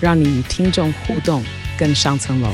讓你與聽眾互動更上層樓。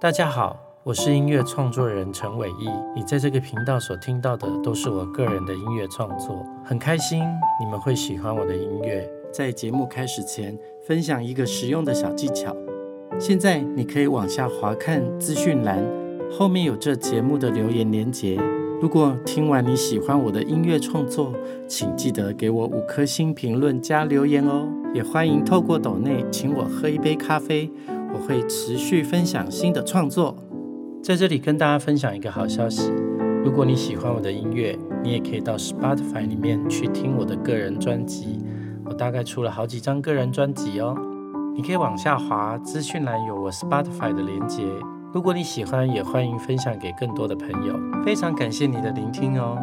大家好，我是音樂創作人陳偉毅。你在這個頻道所聽到的都是我個人的音樂創作，很開心你們會喜歡我的音樂。在節目開始前，分享一個實用的小技巧。現在你可以往下滑看資訊欄，後面有這節目的留言連結。如果聽完你喜歡我的音樂創作，請記得給我五顆星評論加留言哦。也歡迎透過斗內請我喝一杯咖啡。我會持續分享新的創作，在這裡跟大家分享一個好消息。如果你喜歡我的音樂，你也可以到 Spotify 裡面去聽我的個人專輯。我大概出了好幾張個人專輯哦，你可以往下滑，資訊欄有我 Spotify 的鏈接。如果你喜歡，也歡迎分享給更多的朋友。非常感謝你的聆聽哦。